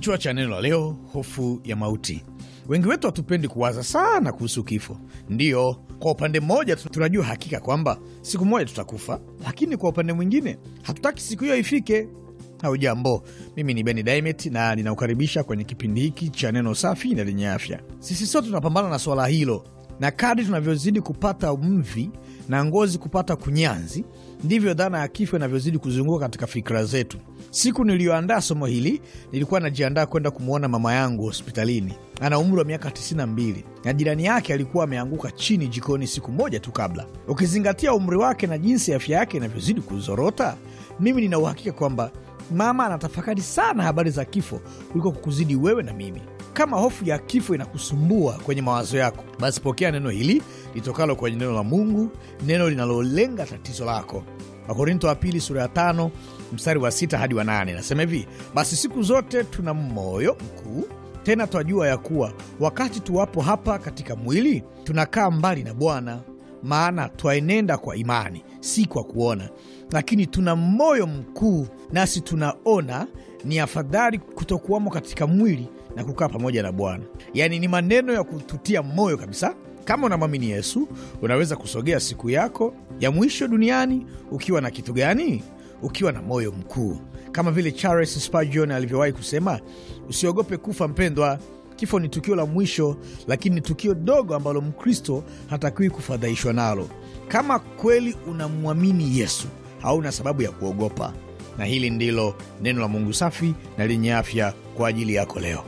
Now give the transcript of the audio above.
Kichwa cha neno la leo: hofu ya mauti. Wengi wetu hatupendi kuwaza sana kuhusu kifo. Ndiyo, kwa upande mmoja tunajua hakika kwamba siku moja tutakufa, lakini kwa upande mwingine hatutaki siku hiyo ifike. jambo mimi ni Beni Daimet na ninakukaribisha kwenye kipindi hiki cha neno safi na lenye afya. Sisi sote tunapambana na swala hilo na kadri tunavyozidi kupata mvi na ngozi kupata kunyanzi, ndivyo dhana ya kifo inavyozidi kuzunguka katika fikira zetu. Siku niliyoandaa somo hili, nilikuwa najiandaa kwenda kumwona mama yangu hospitalini. Ana umri wa miaka 92 na jirani yake alikuwa ameanguka chini jikoni siku moja tu kabla. Ukizingatia umri wake na jinsi afya yake inavyozidi kuzorota, mimi nina uhakika kwamba mama anatafakari sana habari za kifo kuliko kukuzidi wewe na mimi. Kama hofu ya kifo inakusumbua kwenye mawazo yako, basi pokea neno hili litokalo kwenye neno la Mungu, neno linalolenga tatizo lako. Wakorinto wa pili sura ya tano mstari wa sita hadi wa nane nasema hivi: basi siku zote tuna moyo mkuu, tena twajua ya kuwa wakati tuwapo hapa katika mwili tunakaa mbali na Bwana, maana twaenenda kwa imani, si kwa kuona. Lakini tuna moyo mkuu, nasi tunaona ni afadhali kutokuwamo katika mwili na kukaa pamoja na Bwana. Yaani ni maneno ya kututia moyo kabisa. Kama unamwamini Yesu, unaweza kusogea siku yako ya mwisho duniani ukiwa na kitu gani? Ukiwa na moyo mkuu, kama vile Charles Spurgeon alivyowahi kusema, usiogope kufa mpendwa. Kifo ni tukio la mwisho, lakini ni tukio dogo ambalo Mkristo hatakiwi kufadhaishwa nalo. Kama kweli unamwamini Yesu, hauna sababu ya kuogopa. Na hili ndilo neno la Mungu safi na lenye afya kwa ajili yako leo.